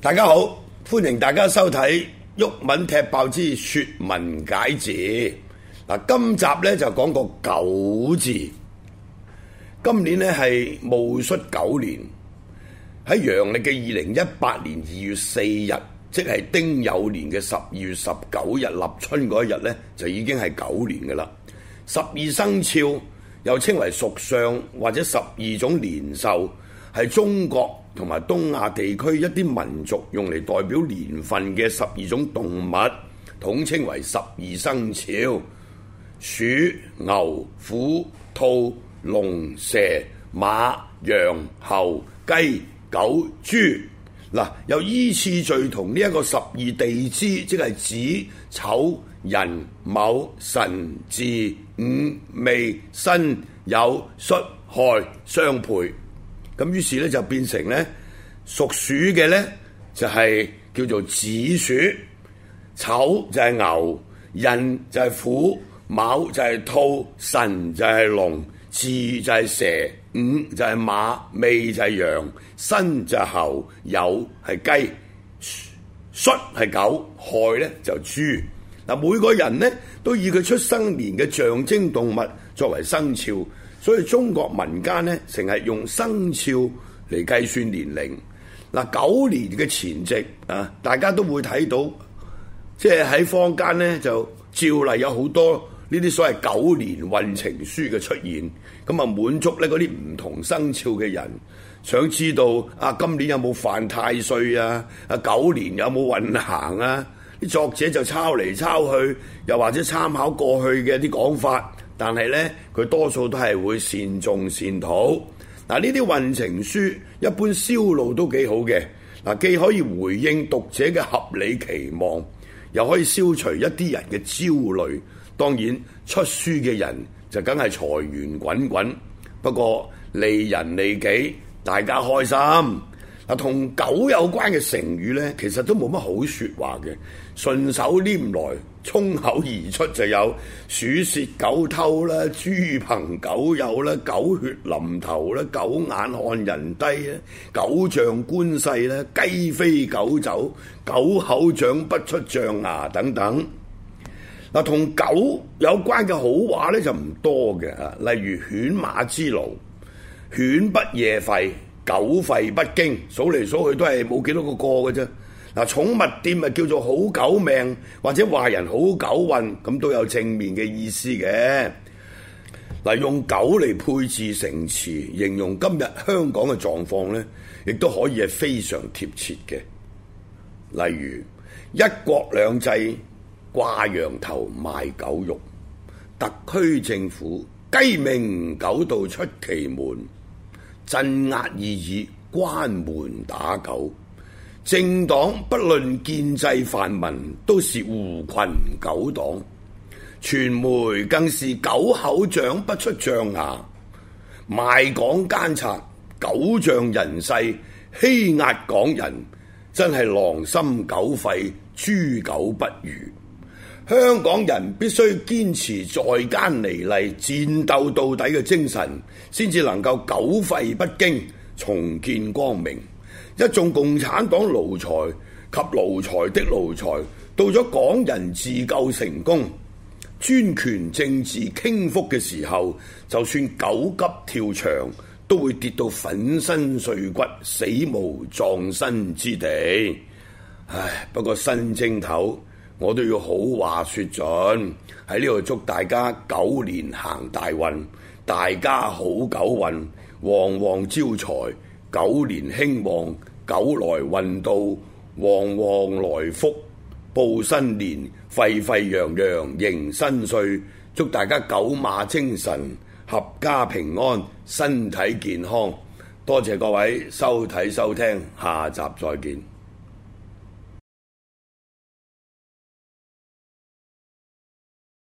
大家好，歡迎大家收睇《毓民踢爆之說文解字》。嗱，今集咧就講個狗字。今年咧係戊戌狗年，喺陽曆嘅二零一八年二月四日，即係丁酉年嘅十二月十九日立春嗰一日咧，就已經係狗年噶啦。十二生肖又稱為屬相或者十二種年獸，係中國。同埋東亞地區一啲民族用嚟代表年份嘅十二種動物，統稱為十二生肖：鼠、牛、虎、兔、龍、蛇、馬、羊、猴、雞、狗、豬。嗱，又依次序同呢一個十二地支，即係子、丑、寅、卯、辰、巳、午、未、申、酉、戌、亥相配。咁於是咧就變成咧，屬鼠嘅咧就係叫做子鼠，丑就係牛，寅就係虎，卯就係兔，辰就係龍，巳就係蛇，午就係馬，未就係羊，申就係猴，酉係雞，戌係狗，亥咧就豬。嗱，每個人咧都以佢出生年嘅象徵動物作為生肖。所以中國民間咧，成日用生肖嚟計算年齡。嗱九年嘅前夕啊，大家都會睇到，即係喺坊間咧就照例有好多呢啲所謂九年運程書嘅出現，咁啊滿足咧啲唔同生肖嘅人，想知道啊今年有冇犯太歲啊？啊九年有冇運行啊？啲作者就抄嚟抄去，又或者參考過去嘅啲講法。但係咧，佢多數都係會善頌善禱。嗱，呢啲運程書一般銷路都幾好嘅。嗱，既可以回應讀者嘅合理期望，又可以消除一啲人嘅焦慮。當然，出書嘅人就梗係財源滾滾。不過利人利己，大家開心。同狗有關嘅成語呢，其實都冇乜好説話嘅，順手拈來，衝口而出就有鼠竊狗偷啦、豬朋狗友啦、狗血淋頭啦、狗眼看人低啊、狗仗官勢啦、雞飛狗走、狗口長不出象牙等等。嗱，同狗有關嘅好話呢，就唔多嘅啊，例如犬馬之勞、犬不夜吠。狗吠不驚，數嚟數去都係冇幾多個個嘅啫。嗱，寵物店咪叫做好狗命，或者話人好狗運，咁都有正面嘅意思嘅。嗱，用狗嚟配字成詞，形容今日香港嘅狀況呢，亦都可以係非常貼切嘅。例如一國兩制掛羊頭賣狗肉，特區政府雞鳴狗盜出其門。鎮壓異議，關門打狗。政黨不論建制泛民，都是狐群狗黨。傳媒更是狗口長不出象牙，賣港奸賊，狗仗人勢，欺壓港人，真係狼心狗肺，豬狗不如。香港人必須堅持再接再厲、戰鬥到底嘅精神，先至能夠久廢不驚，重見光明。一眾共產黨奴才及奴才的奴才，到咗港人自救成功、專權政治傾覆嘅時候，就算狗急跳牆，都會跌到粉身碎骨、死無葬身之地。唉，不過新政頭。我都要好話説盡，喺呢度祝大家狗年行大運，大家好狗運，旺旺招財，狗年興旺，狗來運到，旺旺來福，報新年，沸沸揚揚揚，迎新歲，祝大家狗馬精神，合家平安，身體健康。多謝各位收睇收聽，下集再見。